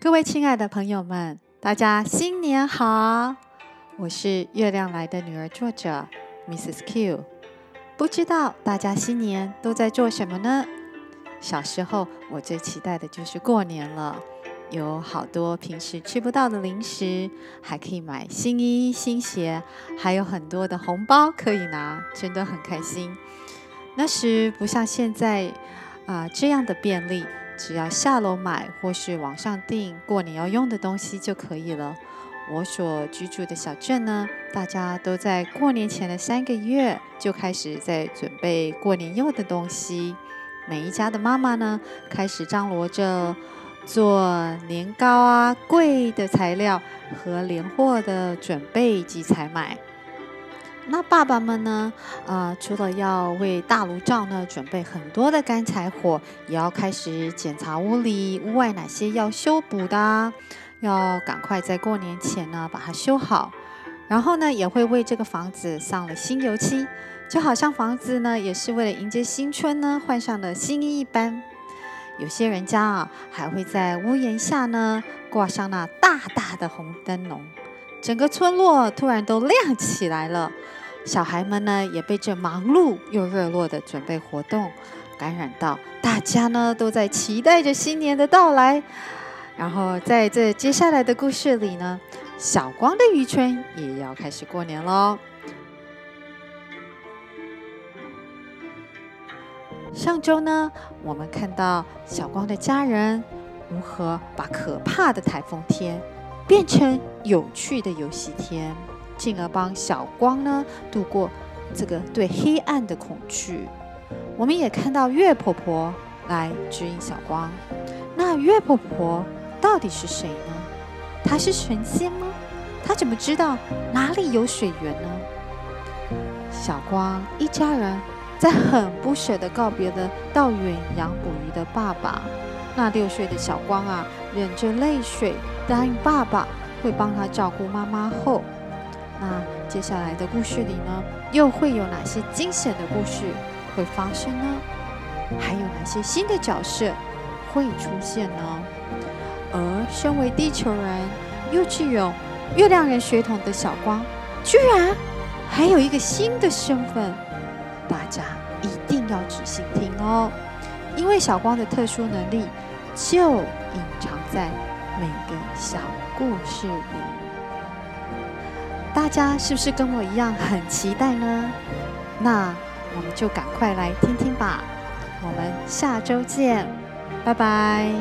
各位親愛的朋友們，大家新年好！我是月亮來的女兒，作者 Mrs. Q。不知道大家新年都在做什麼呢？小時候，我最期待的就是過年了，有好多平時吃不到的零食，還可以買新衣、新鞋，還有很多的紅包可以拿，真的很開心。那時不像現在啊，呃，這樣的便利。只要下樓買或是網上訂過年要用的東西就可以了。我所居住的小鎮呢，大家都在過年前的三個月就開始在準備過年用的東西。每一家的媽媽呢，開始張羅着做年糕啊、貴的材料和年貨的準備及採買。那爸爸們呢？啊、呃，除了要為大爐灶，呢準備很多的乾柴火，也要開始檢查屋裡屋外哪些要修補的，啊，要趕快在過年前呢把它修好。然後呢，也會為這個房子上了新油漆，就好像房子呢也是為了迎接新春呢換上了新衣一般。有些人家啊，還會在屋檐下呢掛上那大大的紅燈籠。整個村落突然都亮起來了，小孩們呢也被這忙碌又熱絡的準備活動感染到，大家呢都在期待着新年的到來。然後在這接下來的故事裡呢，小光的漁村也要開始過年嘍。上周呢，我們看到小光的家人如何把可怕的颱風天變成……有趣的遊戲天，進而幫小光呢度過這個對黑暗的恐懼。我們也看到月婆婆來指引小光。那月婆婆到底是誰呢？她是神仙嗎？她怎麼知道哪裡有水源呢？小光一家人在很不捨得告別的到遠洋捕魚的爸爸。那六歲的小光啊，忍着淚水答應爸爸。會幫他照顧媽媽後，那接下來的故事裡呢，又會有哪些驚險的故事會發生呢？還有哪些新的角色會出現呢？而身為地球人又具有月亮人血統的小光，居然還有一個新的身份，大家一定要仔細聽哦，因為小光的特殊能力就隱藏在每個小故事裡，大家是不是跟我一樣很期待呢？那我們就趕快來聽聽吧。我們下周見，拜拜。